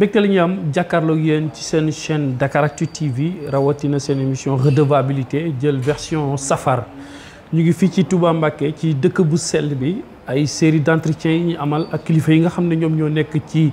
mbégte ñuy am jàkkaarloog yéen ci seen chaine chaîne Dakaractu TV rawatina seen émission redevabilité jël version safar ñu ngi fii ci Touba Mbacké ci dëkk bu sell bi ay série d'entretien yi ñu amal ak kilifa yi nga xam ne ñoom ñoo nekk ci.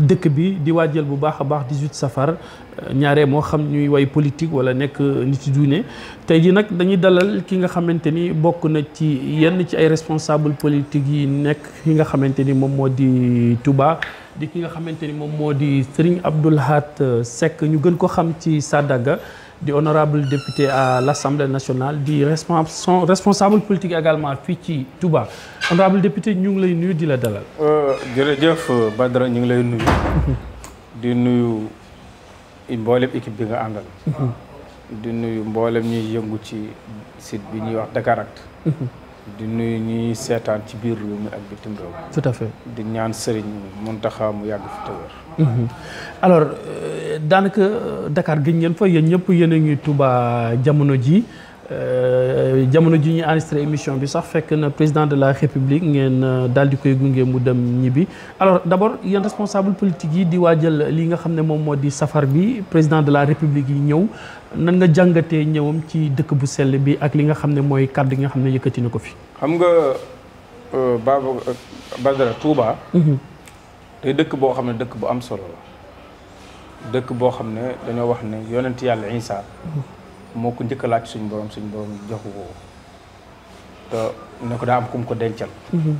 dëkk bi di waajal bu baax a baax 18 safar euh, ñaare moo xam ñuy way politique wala nekk euh, nit dune tey ji nag dañuy dalal ki nga xamante ni bokk na ci yenn ci ay responsable politique yi nekk ki nga xamante ni moom moo di tubaa di ki nga xamante ni moom moo di Serigne Abdoul Ahad euh, Seck ñu gën ko xam ci Sadaga di honorable député à l'Assemblée nationale di responsable responsable politique également fii Touba honorable député ñu ngi lay nuyu di la dalal. Euh, jërëjëf Badara ñu ngi lay nuyu. di nuyu mboolem équipe bi nga àndal. Mhm. di nuyu mboolem ñuy yëngu ci site bi ñuy wax Dakaractu. Mhm. di nuyu ñuy seetaan ci biir réew ak bitim réew. tout à fait di ñaan sëriñ taxa mu yàgg fi te wér. Mhm. Euh, daanaka euh, Dakar gi ngeen fa yéen ñëpp yéen a ngi Touba jamono ji Euh, jamono ji ñuy enregistré émission bi sax fekk na président de la république ngeen euh, daal di koy gunge mu dem ñibbi alors d' abord yéen responsable politique yi di waajal li nga xam ne moom moo di safar bi président de la république yi ñëw nan nga jàngatee ñëwam ci dëkk bu sell bi ak li nga xam ne mooy kàddu gi nga xam ne yëkkati na ko fi. xam nga euh, Baba Badara Touba. Mhm. dëkk boo xam ne dëkk bu am solo la. dëkk boo xam ne dañoo wax ne yonent yàlla Isaa mhm. moko ko njëkk laaj suñ borom suñ borom joxu ko te ne ko da am kum ko dencal mhm.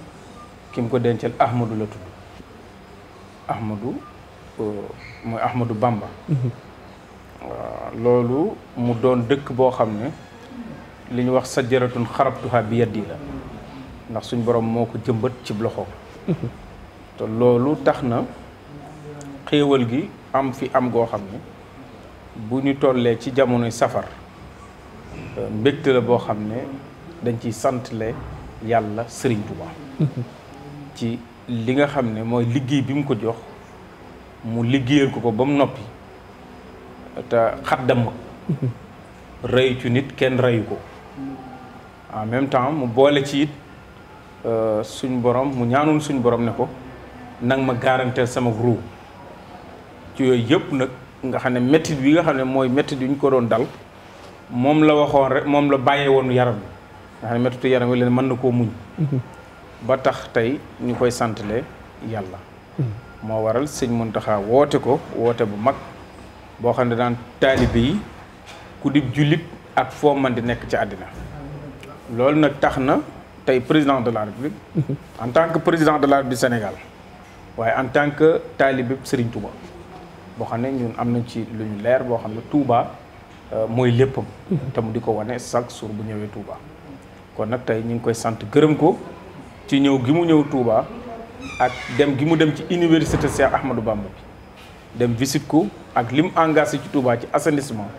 kim ko dencal ahmadu la ahmadu euh, moy ahmadu bamba mhm. lolu mu doon dëkk boo xam ne li ñu wax sajaratun kharabtuha bi yaddi la ndax suñ borom moko ko jëmbat ci loxoom mhm. te lolu taxna xewal gi am fi am go xamne bu ci jamono safar mbégte la boo xam ne dañ ciy santle yàlla Serigne Touba. ci li nga xam ne mooy liggéey bi mu ko jox mu liggéeyal ko ko ba mu noppi te xaddam ma rëyu ci nit kenn rëyu ko en même temps mu boole ci it euh, suñ borom mu ñaanul suñ borom ne ko nang ma garanteel sama ruu ci yooyu yëpp nag nga xam ne méttit bi nga xam ne mooy méttit yu ñu ko doon dal moom la waxoon rek moom la bàyyee woon yaram nga xam ne mettitu yaram wi leen mën na koo muñ mhm. ba tax tey ñu koy santale yàlla mhm. moo waral sëñ Muntaxa woote ko woote bu mag boo xam ne daan taalibe yi ku di jullit ak foo mën di nekk ci àddina loolu nag tax na tey président de la république mhm. en tant que président de la république Sénégal waaye en tant que taalibe Sëriñ Touba boo xam ne ñun am nañ ci lu ñu leer boo xam ne Touba Euh, mooy léppam. te mu di ko wane chaque jour bu ñëwee Touba. kon nag tey ñu ngi koy sant gërëm ko ci ñëw gi mu ñëw Touba ak dem gi mu dem ci université Cheikh Ahmadou Bamba bi dem visite ko ak li mu engagé ci Touba ci assainissement.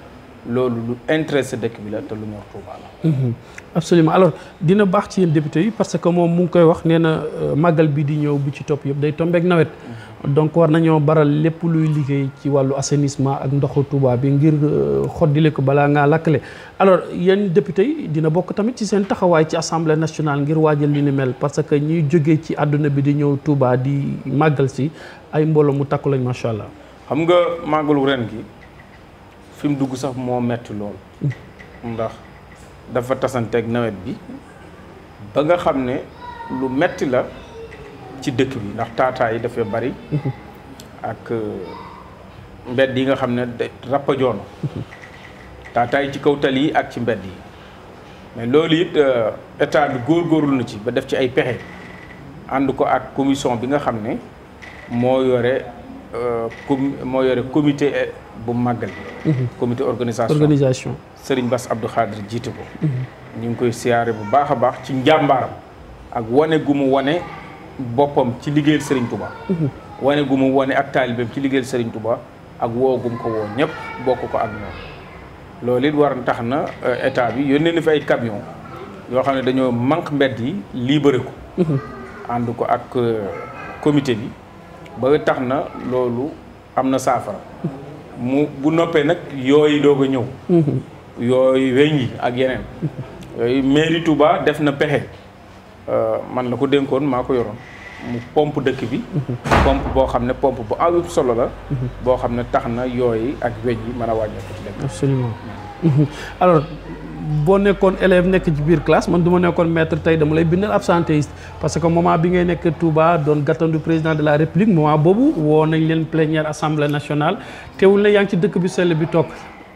loolu lu intéressé dëkk bi la te lu ñor Touba la. Mhm. absolument alors dina baax ci yéen député yi parce que moom mu ngi koy wax neena na euh, bi di ñëw bi ci topp yëpp day tombeek nawet. Mhm. donc war nañoo baral lépp luy liggéey ci wàllu assainissement ak ndoxu Touba bi ngir euh, xoddile ko balaa ngaa lakkale. alors yéen député yi dina bokk tamit ci seen taxawaay ci assemblée nationale ngir waajal li ni mel parce que ñiy jógee ci àdduna bi di ñëw Touba di màggal si ay mbooloo mu takku lañ macha allah. xam nga màggalu ren gi. fi dugg sax moo metti lool ndax dafa tasante ak nawet bi ba nga xam ne lu metti la ci dëkk bi ndax taataa yi dafay bari ak euh, mbedd yi nga xam ne rappajoono taataa yi ci kaw tali yi ak ci mbedd yi mais loolu it euh, état bi góorgóorlu na ci ba def ci ay pexe ànd ko ak commission bi nga xam ne moo yore Euh, com moo yore commité bu màggal mhm. comité organisation organisation Serigne Bass Abdou Khadir ko mhm. ñu ngi koy siyaare bu baax a baax ci njàmbaaram ak wane gu mu wane boppam ci liggéeyal Serigne Touba mhm. wane gu mu wane ak taalibeem ci liggéeyal Serigne Touba ak woogum ko woo ñëpp bokk ko ak ñoom loolu it war tax na euh, état bi yónnee na fi ay camion yoo xam ne dañoo manque mbedd yi libéré ko ànd ko ak euh, comité bi ba tax na loolu am na saafara mu bu noppee nag yooyu doo a ñëw yooyu weñ yi ak yeneen yooyu mairie Touba def na pexe euh, man la ko dénkoon maa ko yoroon mu pomp dëkk bi pomp boo xam ne pomp bu awib solo la boo xam ne tax na yooyu ak weñ yi mën a wàññeeku ci dëkk absolument alors boo nekkoon élève nekk ci biir classe man du ma nekkoon maître tey dama lay bindal absentéiste parce que moment bi ngay nekk Touba doon gàttandu président de la république moment boobu woo nañ leen plénière assemblée nationale teewul na yaa ngi ci dëkk bi sell bi toog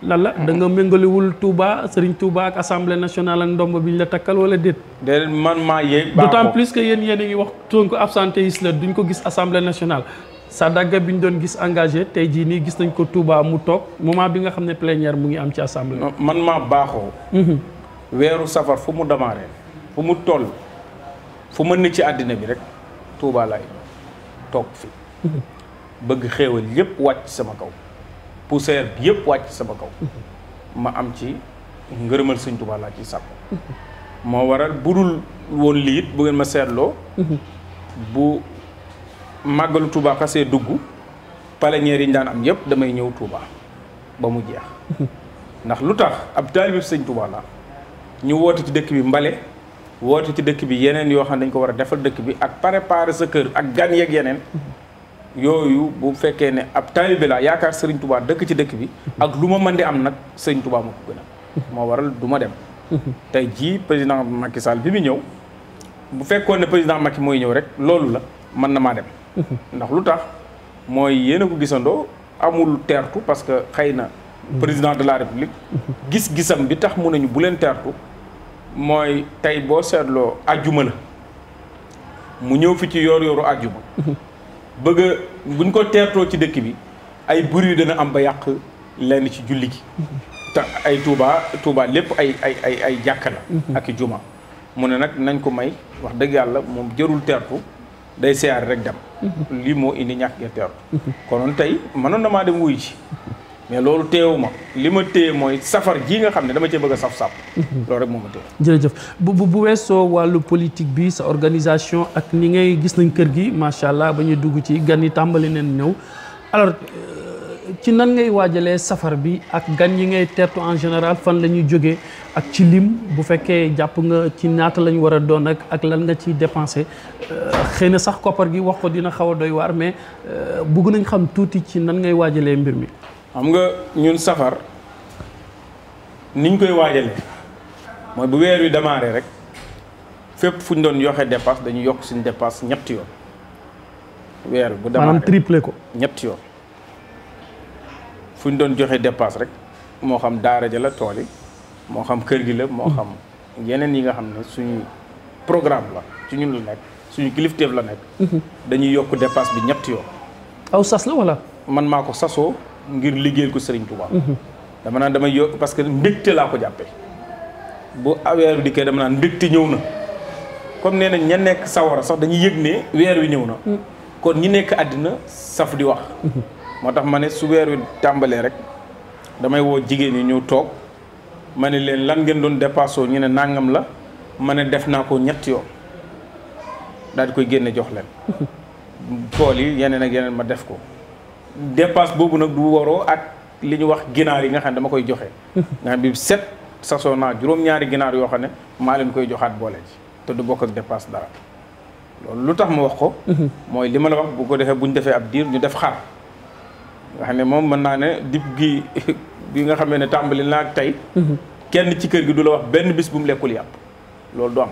lan la da nga méngalewul Touba Serigne Touba ak assemblée nationale ak ndomb bi ñu la takkal wala déet. déedéet man maa yee. d'autant plus que yéen yéen a ngi wax Sonko absentéiste la duñ ko gis assemblée nationale. Sadaga bi ñu doon gis engagé tey jii nii gis nañ ko Touba mu toog moment bi nga xam ne plénière mu ngi am ci assemblée. man maa baaxoo. Mhm. weeru safar fu mu démarré fu mu toll fu ma ne ci àddina bi rek Touba laay toog fi mhm. bëgg xéewal yépp wàcc sama kaw poussière bi yépp wàcc sama kaw mhm. ma am ci ngërëmal sëñ Touba laa ci sàkku moo waral budul woon liit bu ngeen ma seetloo bu màggalu Touba xasee dugg paleñeer yi ñu daan am yëpp damay ñëw Touba ba mu jeex ndax lu tax ab taalibe sëñ Touba la ñu woote ci dëkk bi mbale woote ci dëkk bi yeneen yoo xam ne dañ ko war a defal dëkk bi ak préparer sa kër ak gan yeneen yooyu bu fekkee ne ab taalibe laa yaakaar sëriñ Touba dëkk ci dëkk bi ak lu ma mën di am nag sëriñ Touba ma ko gën moo waral du ma dem tey jii président Macky Sall bi mu ñëw bu fekkoon ne président Macky mooy ñëw rek loolu la mën na maa dem ndax lu tax mooy yéen ko gisandoo amul teertu parce que xëy na président de la république gis-gisam bi tax mu nañu bu leen teertu mooy tey boo seetloo ajjuma mu ñëw fi ci yoor yooru ajjuma buñ ko teertoo ci dëkk bi ay bruit dana am ba yàq lenn ci julli gi te ay Touba Touba lépp ay ay ay ay jàkka la mu ne nag nañ ko may wax dëgg yàlla moom jërul teertu day seyaar rek dem. lii moo indi ñàkk gi teew. konoon tey manoon na maa dem wuy ji. mais loolu teewu ma li ma téye mooy safar ji nga xam ne dama cee bëgg a saf saf loolu rek moo ma téye. jërëjëf bu bu bu weesoo wàllu politique bi sa organisation ak ni ngay gis nañ kër gi macha allah ba ñuy dugg ci gan ni tàmbali neen ñëw ci nan ngay wajale safar bi ak gan yi ngay tertu en général fan joggé ak ci lim bu fekkee japp nga ci lañu wara don ak lan nga ci dépenser euh, xeyna sax copper gi wax ko dina xawa doy war mais euh, bugg nañ xam tuuti ci nan ngay wajale mbir mi xam nga ñun safar niñ koy wajale moy bu weer wi démarré rek fep fuñ doon yoxé dépasse dañu yok suñ dépasse ñett yoon weer bu démarrer manam triplé ko ñett yoon fuñ doon joxe dépasse rek mo xam daara ja la toli mo xam kër gi la mo xam yeneen yi nga xam ne suñu programme la ci ñun la nek suñu kilifteef la nek mhm. dañuy yok dépasse bi ñett yo aw sas la wala man mako saso ngir liggéey ko Serigne Touba mhm. dama nan dama yok parce que mbégte la ko jappé bu awer diké dama nan mbégte ñewna comme nee ñe nek sawara sax dañuy yegné ne wi ñewna mhm. kon ñi nek adina saf di wax moo tax ma ne su weer wi tàmbalee rek damay woo jigéen yi ñëw toog ma ne leen lan ngeen doon dépassé ñu ne nàngam la ma ne def naa ko ñetti yoon daal di koy génne jox leen tool yi yeneen ak yeneen ma def ko dépasse boobu nag du waroo ak li ñu wax ginaar yi nga xam ne dama koy joxe. nga xam bi set sasoo naa juróom-ñaari ginaar yoo xam ne maa leen koy joxaat boole ci te du bokk ak dépasse dara loolu lu tax ma wax ko mooy li ma la wax bu ko defee bu ñu defee ab diir ñu def xar nga xam ne moom mën naa ne dib gi bi nga xamee ne tàmbali naa ak tey mhm. kenn ci kër gi du la wax benn bis bu mu lekkul yàpp loolu du am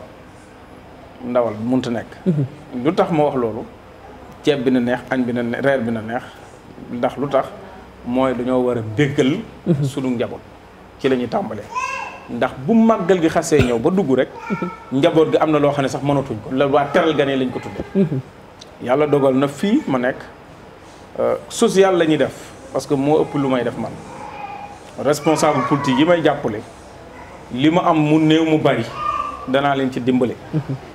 ndawal munta nekk mhm. lu tax ma wax loolu ceeb bi na neex añ bi na reer bi na neex ndax lu tax mooy dañoo war a déggal mhm. sunu njaboot ci lañuy ñuy tàmbalee ndax bu màggal gi xasee ñëw ba dugg rek njaboot gi am na loo xam ne sax mënatuñ ko la waa teral gane lañ ko tudde yàlla dogal na fii ma nekk Euh, social la ñuy def parce que moo ëpp lu may def man responsable politique yi may jàppale li ma am mu néew mu bari danaa leen ci dimbale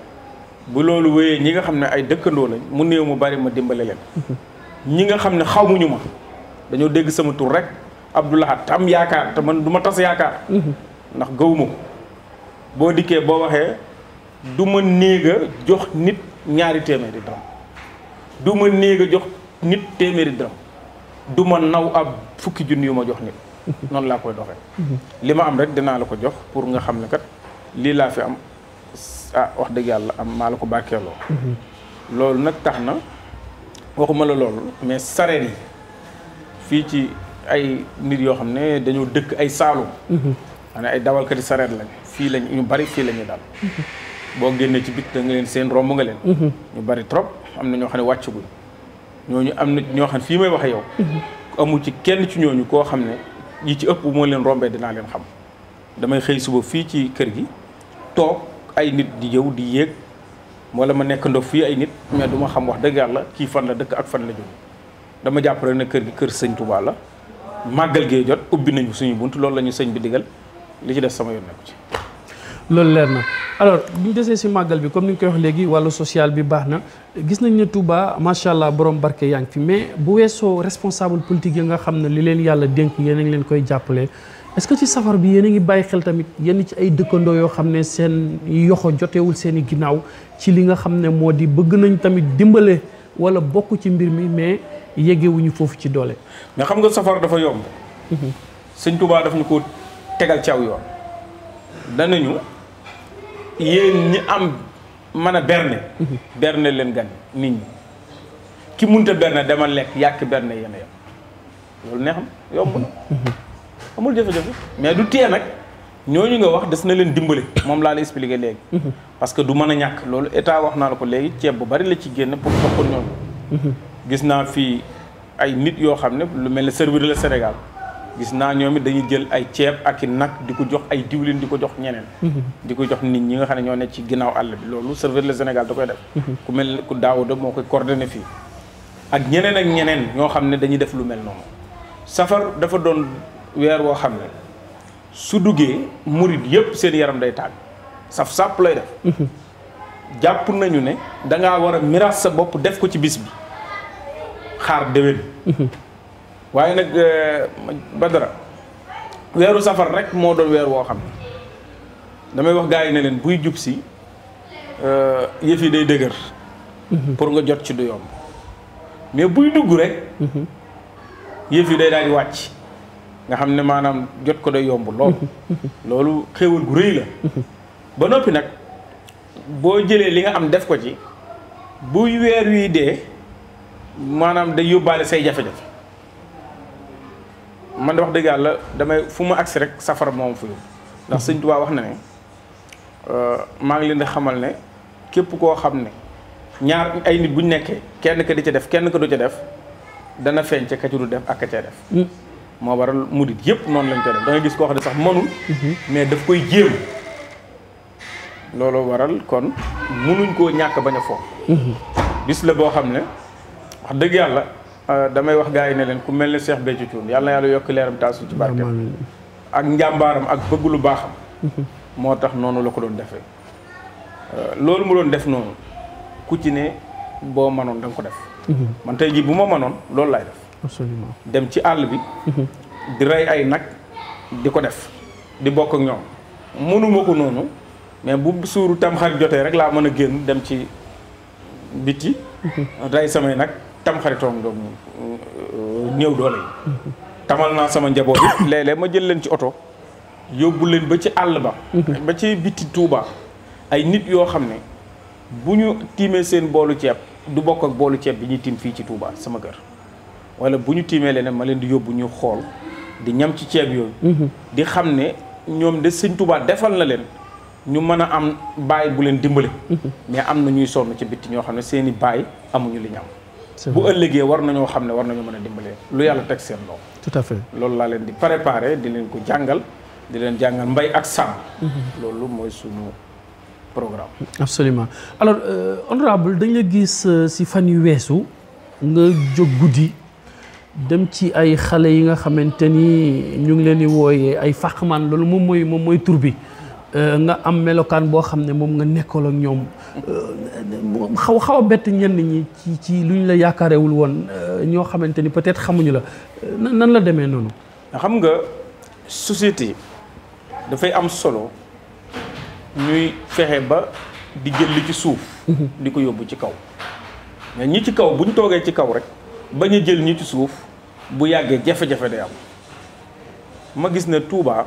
bu loolu wéyee ñi nga xam ne ay dëkkandoo lañ mu néew mu bari ma dimbale leen ñi nga xam ne xamuñu ma dañoo dégg sama tur rek Abdoulahat am yaakaar te man du ma tas yaakaar ndax gëwuma ko boo dikkee boo waxee du ma néeg a jox nit ñaari téeméeri dara du ma néeg jox nit téeméeri dërëm du ma naw ab fukki junni yu ma jox nit noonu laa koy doxee li ma am rek dinaa la ko jox pour nga xam ne kat lii laa fi am ah wax dëgg yàlla am maa la ko bàkkeeloo loolu nag tax na waxuma la loolu mais sareet yi fii ci ay nit yoo xam ne dañoo dëkk ay saalum maanaam ay dawalkati sareet lañ fii lañ ñu bari fii la ñuy daal boo génnee ci bit da nga leen seen romb nga leen mhm. ñu bari trop am na ñoo xam ne wàccaguñ ñooñu am na ñoo xam ne fii may wax yow. amul ci kenn ci ñooñu koo xam ne yi ci ëpp moo leen rombee dinaa leen xam damay xëy suba fii ci kër gi toog ay nit di yow di yéeg wala ma nekk fii ay nit mais du ma xam wax dëgg yàlla kii fan la dëkk ak fan la jóge dama jàpp rek ne kër gi kër sëñ Touba la màggal gee jot ubbi nañu suñu bunt loolu lañu sëñ bi digal li ci def sama yoon nekku ci loolu leer na alors bu ñu desee si màggal bi comme ni nga koy wax léegi wàllu social bi baax na gis nañ ne Touba macha allah borom barke yaa ngi fi mais bu weesoo responsable politique yi nga xam ne li leen yàlla dénk yéen a leen koy jàppale. est-ce que ci safar bi yéen a ngi bàyyi xel tamit yenn ci ay dëkkandoo yoo xam ne seen yoxo jotewul seen i ginnaaw ci li nga xam ne moo di bëgg nañ tamit dimbale wala bokk ci mbir mi mais yégewuñu foofu ci doole. mais xam nga safar dafa yomb. Mhm. sëñ Touba daf ñu ko tegal ci aw yoon yéen ñi am man a berne berne leen gan nit ñi ki munta berne demal lekk yàq berne yéen a yem loolu neexam yomb na amul jafe-jafe mais du tee nag ñoo ñu nga wax des na leen dimbale moom laa la expliqué léegi parce que du mën a ñàkk loolu état wax naa la ko léegi ceeb bu bari la ci génn pour topp ñooñu gis naa fii ay nit yoo xam ne lu mel ne servir le Sénégal gis naa ñoom it dañuy jël ay ceeb ak i nag di ko jox ay diwlin di ko jox ñeneen mhm. di ko jox nit ñi nga xam ne ñoo ne ci ginnaaw àll bi loolu servir le Sénégal da koy def mhm. ku mel ku Daouda moo koy coordonné fii ak ñeneen ak ñeneen ñoo xam ne dañuy def lu mel noonu safar dafa doon weer woo xam ne su duggee murit yëpp seen yaram day tàng saf sàpp lay def mhm. jàpp nañu ne dangaa war a miraas sa bopp def ko ci bis bi xaar déwén waaye nag euh, Badara weeru safar rek moo doon weer woo xam ne damay wax gars yi ne leen buy jub si euh, yëf yi day dëgër. Mhm. pour nga jot ci du yomb. mais buy dugg rek. Mhm. yëf yi day daal wàcc. nga xam ne maanaam jot ko day yomb lool. Mhm. loolu xéewal gu rëy la. ba noppi nag boo jëlee li nga am def ko ci buy weer wii dee maanaam day yóbbaale say jafe-jafe. man de wax dëgg yàlla damay fu ma agsi rek safara moom fu ndax sëñ Tuubaa wax na ne euh, maa ngi leen di xamal ne képp koo xam ne ñaar ay nit bu ñu nekkee kenn ka di ca def kenn ka du ca def dana feeñ ca ka ci du def ak ka cay def. Mm. moo waral murit yëpp noonu lañ koy def da gis koo xam ne sax mënul. Mm-hmm. mais daf koy jéem. loolu waral kon munuñ koo ñàkk bañ a foog. Mm-hmm. bis la boo xam ne wax dëgg yàlla. Euh, damay wax gars yi ne leen ku mel ni seex Béthio Thioune yàlla na yàlla yokk leeram taasu ci barkeem ak njàmbaaram ak bëgg lu baaxam moo tax noonu la ko doon defee euh, loolu mu doon def noonu ku ci ne boo manoon da ko def mhm. man tey jii bu ma manoon loolu laay def dem ci àll bi mhm. di rey ay nag di ko def di bokk ak ñoom mënuma ko noonu mais bu suuru tam jotee rek laa mën a génn dem ci biti mhm. rey samay nag tam xaritoom ndoom euh, néew doole yi tamal naa sama njaboot yi léeg-léeg ma jël leen ci oto yóbbu leen ba ci àll ba ba ci biti tuubaa ay nit yoo xam ne bu ñu tiimee seen boolu ceeb du bokk ak boolu ceeb bi ñuy tiim fii ci Touba sama kër wala bu ñu tiimee leneen ma leen di yóbbu ñu xool di ñam ci ceeb yooyu mhm. di xam ne ñoom de sëñ Touba defal na leen ñu mën a am bàyyi bu leen dimbali mhm. mais am na ñuy sonn ci bitti ñoo xam ne seeni baay amuñu li ñu bu ëllëgee war nañoo xam ne war nañu mën a dimbalee lu yàlla teg seen loxo. tout à fait loolu laa leen di préparer di leen ko jàngal di leen jàngal mbay ak sàmm. Mm-hmm. loolu mooy suñu programme. absolument alors euh, honorable dañ la gis euh, si fan yu weesu nga jóg guddi dem ci ay xale yi nga xamante ni ñu ngi leen di wooyee ay fàqman loolu moom mooy moom mooy tur bi. Euh, nga am melokaan boo xam ne moom nga nekkoon ak ñoom euh, xaw xaw a bett ñenn ñi ci ci lu ñu la yaakaarewul woon euh, ñoo xamante ni peut-être xamuñu la nan la demee noonu. xam nga société dafay am solo ñuy fexe ba di jël li ci suuf. Mm-hmm. di ko yóbbu ci kaw. mais ñi ci kaw bu ñu toogee ci kaw rek ba ñu jël ñi ci suuf bu yàggee jafe-jafe day am ma gis ne Touba.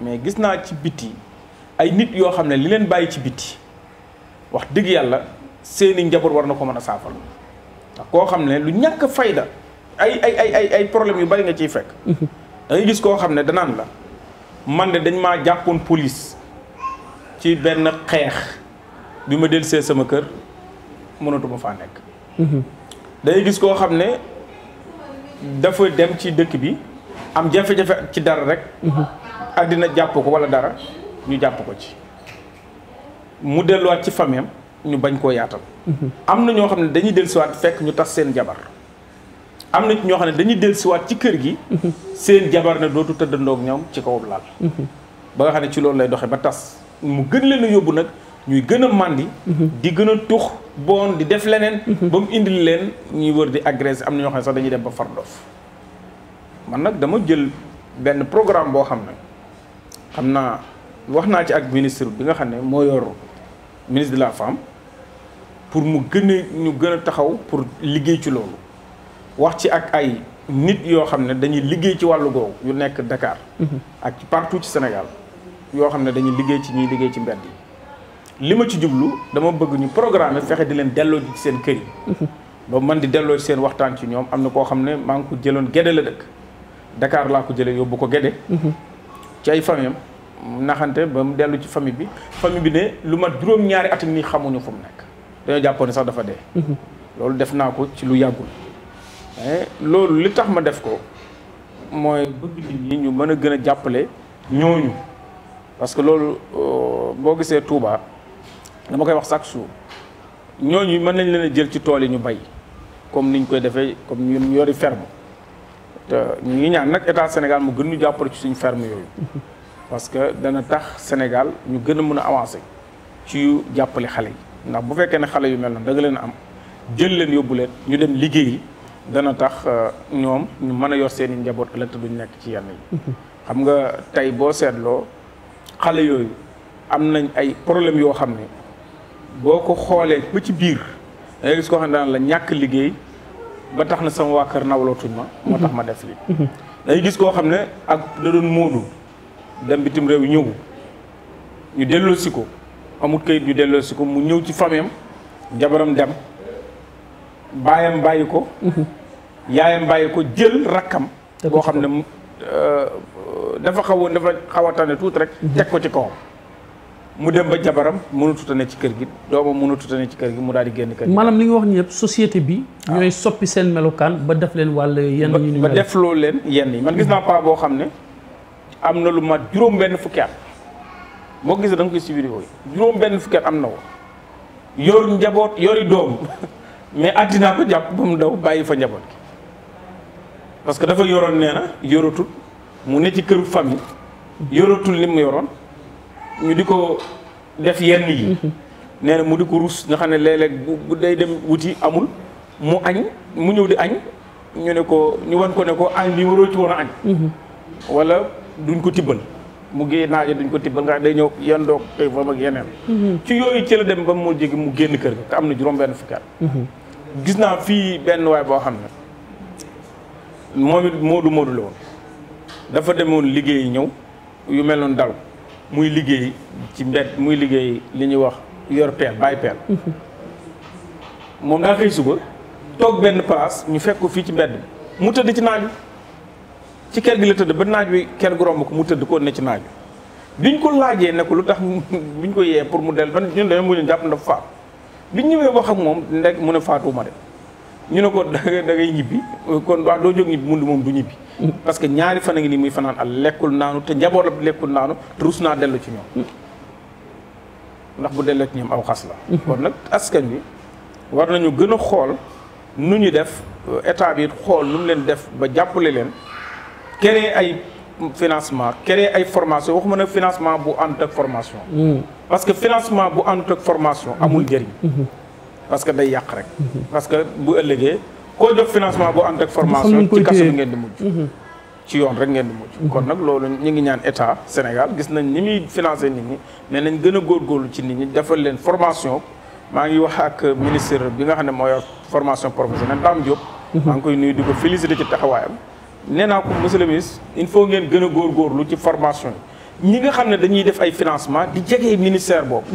mais gis naa ci biti ay nit yoo xam ne li leen bàyyi ci biti wax dëgg yàlla seeni njaboot war na ko mën a saafal ndax koo xam ne lu ñàkk fayda ay ay ay ay problèmes yu bari nga ciy fekk mhm. da gis koo xam ne danaan la man de dañ maa jàppoon police ci benn xeex bi ma dellusee sama kër mënatuma faa nekk mhm. dangay gis koo xam ne dafa dem ci dëkk bi am jafe-jafe ci dara rek mhm. àddina jàpp ko wala dara ñu jàpp ko ci mu delluwaat ci famem ñu bañ koo yaatal mm-hmm. am na ñoo xam ne dañuy dellusiwaat fekk ñu tas seen jabar am na ñoo xam ne dañuy dellusiwaat ci kër gi mm-hmm. seen jabar ne dootu tëddandoog ñoom ci kaw laal mm-hmm. ba nga xam ne ci loolu lay doxe ba tas mu gën leen a yóbbu nag ñuy gën a màndi di gën a tux bon di def leneen ba mu indi leen ñuy wër di agressé am na ñoo xam ne sax dañuy dem ba far dof man nag dama jël benn programme boo xam ne xam naa wax naa ci ak ministre bi nga xam ne moo yor ministre de la femme pour mu gën a ñu gën a taxaw pour liggéey ci loolu wax ci ak ay nit yoo xam ne dañuy liggéey ci wàllu googu yu nekk dakaar mm-hmm. ak partout ci Sénégal yoo xam ne dañuy liggéey ci ñuy liggéey ci mbedd yi li ma ci jublu dama bëgg ñu programmer fexe di leen delloo ci seen kër yi mm-hmm. ba man di delloo ci seen waxtaan ci ñoom am na koo xam ne maa ngi ko jëloon Gédé la dëkk dakaar laa ko jëlee yóbbu ko Gédé mm-hmm. ci ay famille naxante ba mu dellu ci famille bi famille bi ne lu mat juróom-ñaari atam nii xamuñu fu mu nekk dañoo jàppoon sax dafa dee mhm. loolu def naa ko ci lu yàggul eh, loolu li tax ma def ko mooy bëgg nit ñi ñu mën a gën a jàppale ñooñu parce que loolu euh, boo gisee Touba dama koy wax chaque jour ñooñu mën nañ leen a jël ci tool yi ñu bay comme niñ koy defee comme ñu yori ferme te ñu ngi ñaan nag état Sénégal mu gën ñu jàppale ci suñu ferme yooyu parce que dana tax Sénégal ñu gën a mën a avancé ci yu jàppale xale yi ndax bu fekkee ne xale yu mel noonu danga leen am jël leen yóbbu leen ñu dem liggéeyi dana tax euh, ñoom ñu mën a yor seen i njaboot ëllëg te ñu nekk ci yenn yi. xam nga tey boo seetloo xale yooyu am nañ ay problème yoo xam ne boo ko xoolee ba ci biir da nga gis koo xam ne daan la ñàkk liggéey. ba tax na sama waa kër nawlootuñ ma moo tax ma def li day gis koo xam ne ak da doon móodu dem bitim réew ñëw ñu delloosi ko amut kayit ñu delloosi ko mu ñëw ci fameem jabaram dem baayam bàyyi ko yaayam bàyyi ko jël rakkam boo xam ne dafa xawoon dafa xaw a tane tuuti rek teg ko ci kawam mu dem ba jabaram mënatut a ci kër gi doomam mënatut a ci kër gi mu daal di génn kër gi. maanaam li nga wax ni yëpp société bi. Ah. ñooy soppi seen melokaan ba def leen wàll yenn yi ñu. ba def loo leen yenn yi man gis naa paa boo xam ne am na lu mat juróom-benn fukki at boo gisee da nga koy subir yooyu juróom-benn fukki at am na ko yor njaboot yori doom mais àddinaa ko jàpp ba mu daw bàyyi fa njaboot gi parce que dafa yoroon nee na yoratul mu ne ci këru famille li mu yoroon. ñu di ko def yenn yi nee na mu di ko ruus nga xam ne léeg-léeg bu day dem wuti amul mu añ mu ñëw di añ ñu ne ko ñu wan ko ne ko añ bi waroo ci woon a añ mhm. wala duñ ko tibbal mu génn naaje duñ ko tibbal nga day ñëw yan doog ay fam ak yeneen mhm. ci yooyu ci la dem ba mu jege mu génn kër gi te am na juróom benn fukki mhm. gis naa fii benn waay boo xam ne moom it moodu moodu la woon dafa demoon liggéey ñëw yu mel noonu dal muy liggéey ci mbed muy liggéey li ñuy wax yor peel bàyyi peel moom daa xëy suba toog benn place ñu fekk ko fii ci mbedd mu tëdd ci naaju ci kër gi la tëdd ba naaj wi kër gu romb ko mu tëdd ko ne ci naaju biñ ko laajee ne ko lu tax biñ ko yee pour mu del ba ñun dañoo mujj jàpp na faatu biñ ñëwee wax ak moom ndek mu ne faatuwuma de ñu ne ko da ñibbi kon wax doo jóg ñibbi mun moom du ñibbi. parce que ñaari fan a ngi nii muy fanaan al lekkul naanu te njaboot la lekkul naanu te rus naa dellu ci ñoom. ndax bu delloo ci ñoom aw xas la. kon nag askan wi war nañu gën a xool nu ñu def état bi xool nu mu leen def ba jàppale leen créer ay financement créer ay formation waxuma ne financement bu ànd ak formation. Mm. parce que financement bu ànd ak formation amul njëriñ. Mm-hmm. parce que day yàq rek. parce que bu ëllëgee koo jox financement boo ànd ak formation ci kaso bi ngeen di mujj. Mhm. ci yoon rek ngeen di mujj. Mhm. kon nag loolu ñu ngi ñaan état Sénégal gis nañ ni muy financé nit ñi mais nañ gën a góor góorgóorlu ci nit ñi defal leen formation maa ngi wax ak ministre bi nga xam ne moo yor formation professionnelle Dame Diop. Mhm. maa ngi koy nuyu di ko félicité ci taxawaayam. nee naa ko monsieur le ministre il faut ngeen gën a góor góorgóorlu ci formation ñi nga xam ne dañuy def ay financement di jegee ministère boobu.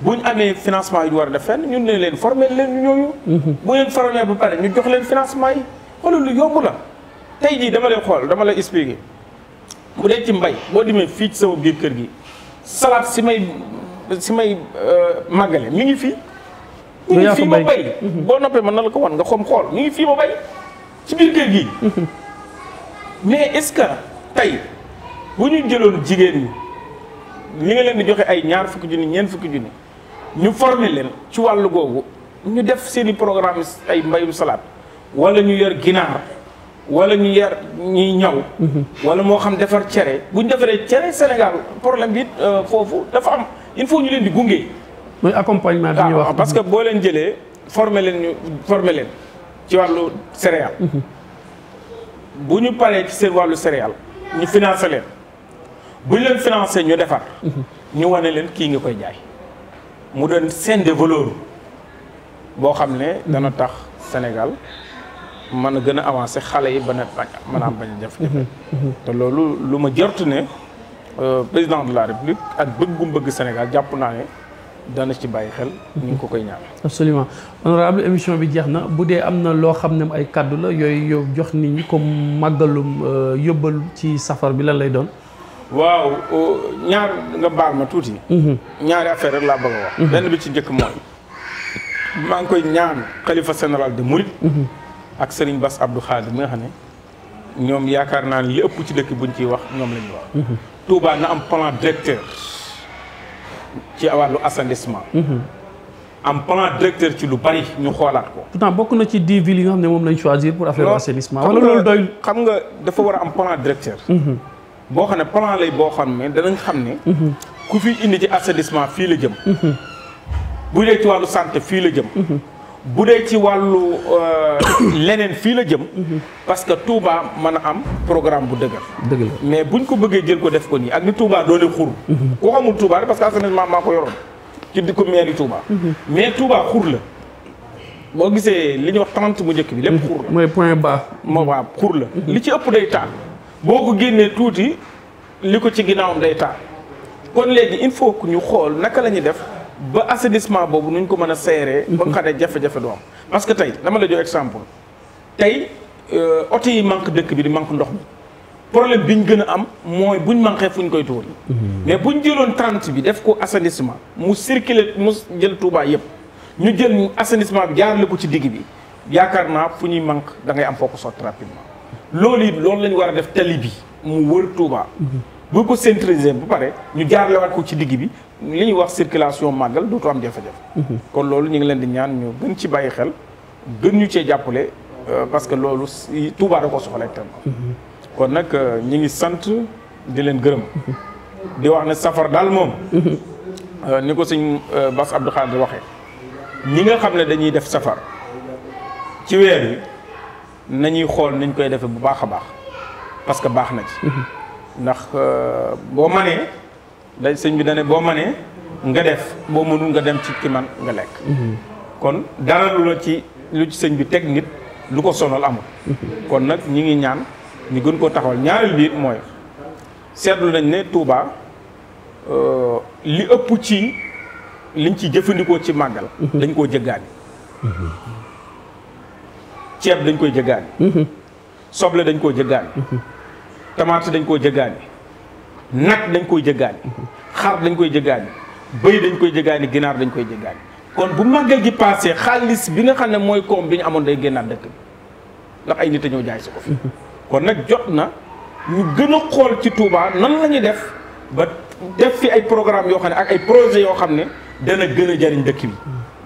buñ amé financement yu war a fenn ñun ne leen former leen ñoyu mhm. bu leen formé bu paré ñu jox leen financement yi xolul lu yomb la tay ji dama lay xol dama lay expliquer bu dé ci mbay bo dimé fi ci sama biir kër gi salat si may si may euh, magalé mi ngi fi ñu ngi ma bay mhm. bo noppé man na la ko won nga xom xol mi ngi fi ma bay ci biir kër gi. Mhm. mais est-ce que tay bu ñu jigéen ñi li nga leen di joxe ay ñaar fukk juni ñen fukk juni ñu forme leen ci wàllu googu ñu def seen i programme ay mbayum salaat wala ñu yor ginaar wala ñu yar ñuy ñaw mhm. wala moo xam defar cere bu ñu defaree cere Sénégal problème bi euh, foofu dafa am il faut ñu leen di gunge. mooy accompagnement bi ñuy ah, wax parce que boo leen jëlee former leen ñu former leen ci wàllu céréale. Mhm. bu ñu paree ci seen wàllu céréale ñu financé leen bu ñu leen financé ñu defar. Mhm. ñu wane leen kii nga koy jaay. mu doon chaîne de valeur boo xam ne tax Sénégal man a gën avancer, avancé xale yi bañ a mën a bañ a jafe-jafe te loolu lu ma jortu ne euh, président de la république ak bëggum bëgg Sénégal jàpp naa ne dana ci bàyyi xel. ñu ngi ko koy ñaan. absolument honorable émission bi jeex na bu dee am ay kàddu la yooyu yow jox nit ñi comme màggalum euh, yóbbal ci safar bi lan lay don. waaw ñaar nga baal ma tuuti. Mhm. ñaari affaire rek laa bëgg a wax. Mhm. benn bi ci njëkk mooy maa ngi koy ñaan xalifa général de Mouride. Mhm. ak Serigne Bass Abdou Khadir mi nga xam ne ñoom yaakaar naa ne li ëpp ci dëkk buñ ciy wax ñoom la ñuy wax. Touba na am plan directeur ci wàllu assainissement. am plan directeur ci lu bari ñu xoolaat ko. bokk na ci dix villes yi nga xam ne moom lañ choisir pour affaire assainissement. wala loolu doyul xam nga dafa war a am plan directeur. boo xam ne plan lay boo xam ne danañ xam ne. Mhm. ku fi indi ci assainissement fii la jëm. Mhm. bu dee ci wàllu santé fii la jëm. Mhm. bu dee ci wàllu euh, leneen fii la jëm. parce que Touba mën a am programme bu dëgër. dëgg mais bu buñ ko bëggee jël ko def ko nii ak ni Touba doone xur. ku xamul Touba rek parce que assainissement maa ko yoroon ci di ko mairie Touba. mais Touba xur la. boo gisee li ñuy wax trente mu njëkk bi lépp xur la. mooy point bas. moo waaw xur la. li ci ëpp day taal. boo ko génnee tuuti li ko ci ginnaawam day taa kon léegi il faut que ñu xool naka la ñuy def ba assainissement boobu nuñ ko mën a seeree. ba nga mhm. xam ne jafe-jafe du am. parce que tey dama la jox exemple tey euh, oto yi manque dëkk bi di manque ndox mi problème bi ñu gën a am mooy buñ manqué fuñ koy tuur. Mhm. mais buñ jëloon trente bi def ko assainissement mu circuler mu jël Touba yëpp ñu jël assainissement bi jaarale ko ci digg bi yaakaar naa fu ñuy manque da ngay am foo ko sotti rapidement. loolu it loolu wara def tali bi mu wër Touba. bu ko centraliser bu paré ñu jaar jaarlewaat ko ci digg bi li wax circulation magal do to am jafe-jafe. kon lolu ñi ngi leen di ñaan ñu gën ci bàyyi xel gën ñu ci jappalé euh, parce que lolu Touba da ko soxla itam. kon nak euh, ñi ngi sante di leen gëreum di wax ne safar dal mom euh, ni ko sëñ Bass Abdou Khadre waxé ñi nga xamné dañuy def safar ci weer nañuy xool nuñ koy defee bu baax a baax parce que baax na ci. Mhm. ndax euh, boo manee dañ sëñ bi dane boo manee nga def boo mënul nga dem ci ki man nga lekk. Mhm. kon dara la ci lu ci sëñ bi teg nit lu ko sonal amul. Mhm. kon nag ñi ngi ñaan ñi gën koo taxawal ñaareel biir mooy seetlu nañ ne Touba euh, li ëpp ci liñ ci jëfandikoo ci màggal. dañ koo jëggaani ceeb dañ koy jëggaani mhm. soble dañ koo jëggaani mhm. tamaate dañ koo jëggaani nag dañ koy jëggaani mhm. xar dañ koy jëggaani bëy dañ koy jëggaani ginaar dañ koy jëggaani kon bu màggal gi passé xaalis bi nga xam ne mooy koom bi ñu amoon day génnaat dëkk bi ndax ay nit a ñëw jaay si ko fi kon nag jot na ñu gën a xool ci Touba nan la def ba def fi ay programme yoo xam ne ak ay projet yoo xam ne dana gën a jariñ dëkk bi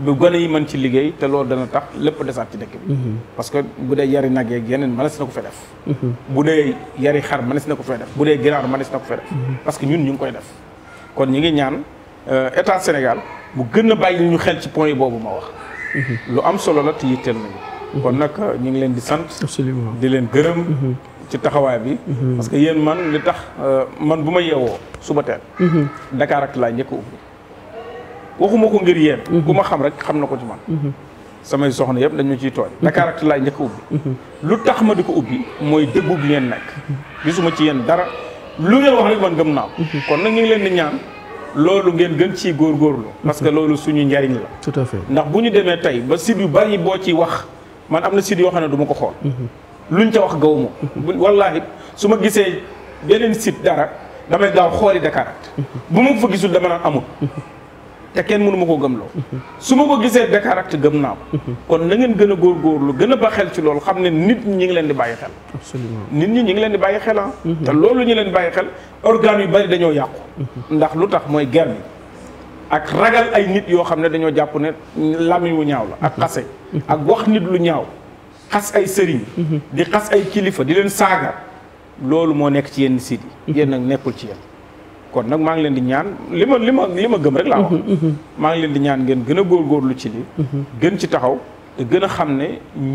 bu a yi mën ci liggéey te loolu dana tax lépp desaat ci dëkk bi mhm. parce que bu dee yari nag yeeg yeneen mënees na ko fee def mhm. bu dee yari xar mënees na ko fee def bu dee ginaar mënees na ko fee def mhm. parce que ñun ñu ngi koy def kon ñu ngi ñaan euh, état Sénégal mu gën a bàyyi ñu xel ci point yi boobu ma wax lu am solo la te yitteel nañu kon nag euh, ñu ngi leen di sant di leen gërëm ci taxawaay bi parce que yéen man li tax euh, man bu ma yeewoo suba teel Dakar ak laa njëkk waxuma ko ngir yéen mhm. ku ma xam rek xam na ko ci man mhm. samay soxna yëpp dañu ciy tooñ Dakaractu laay njëkk ubbi mhm. lu tax ma di ko ubbi mooy dëggu bi ngeen nekk gisuma ci yéen dara lu ngeen wax rek man gëm naa kon nag ñu ngi leen di ñaan loolu ngeen gën ciy góorgóorlu parce que loolu suñu njariñ la tout fait ndax bu ñu demee tey ba site yu bari boo ci wax man am na site yoo xam ne duma ko xool luñ ca wax gaw ma wallaahi su ma gisee beneen sit dara damay gaaw xooli Dakaractu bu ma ko fa gisul dama naan amul te kenn mënuma koo gëm loo su ma ko gisee Dakaractu gëm naa ko kon na ngeen gën a lu gën a ba xel ci loolu xam ne nit ñi ngi leen di bàyyi xel absolument nit ñi ñi ngi leen di bàyyi xel ah te loolu ñu leen bàyyi xel organes yu bari dañoo yàqu ndax lu tax mooy guerre ak ragal ay nit yoo xam ne dañoo jàpp ne làmmiñ wu ñaaw la ak xase ak wax nit lu ñaaw xas ay sëriñ di xas ay kilifa di leen saaga loolu moo nekk ci yenn siit yi yéen nag nekkul ci yéen kon nak maa ngi leen di ñaan lima lima li ma gëm rek laa wax mhm, mhm. maa ngi leen di ñaan gën ngeen gën a lu ci li mhm. gën ci taxaw te gën a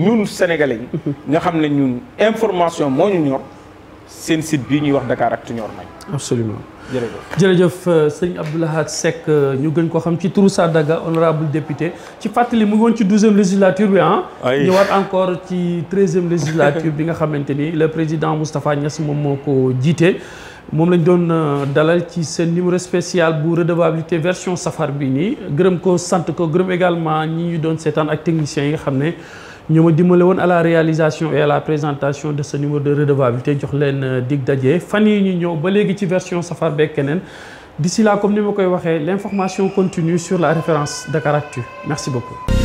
ñun sénégalais yi nga xam ñun information mo ñu ñor seen site bi ñuy wax dakar Dakaractu ñor nañ absolument jërëjëf jërëjëf euh, sëñ Abdou Lahad Seck euh, ñu gën ko xam ci turu Sadaga honorable député ci fàttali mu ngi woon ci 12e législature bi ah. ñëwaat encore ci 13e législature bi nga xamante ni le président Moustapha Niass moom moo ko jiite. Je lañ doon euh, ce numéro spécial bu redevabilité version safar bi ko également ñi ñu doon techniciens yi nga à la réalisation et à la présentation de ce numéro de redevabilité jox leen euh, dig version safar d'ici là comme ni ma koy l'information continue sur la référence Caractère. merci beaucoup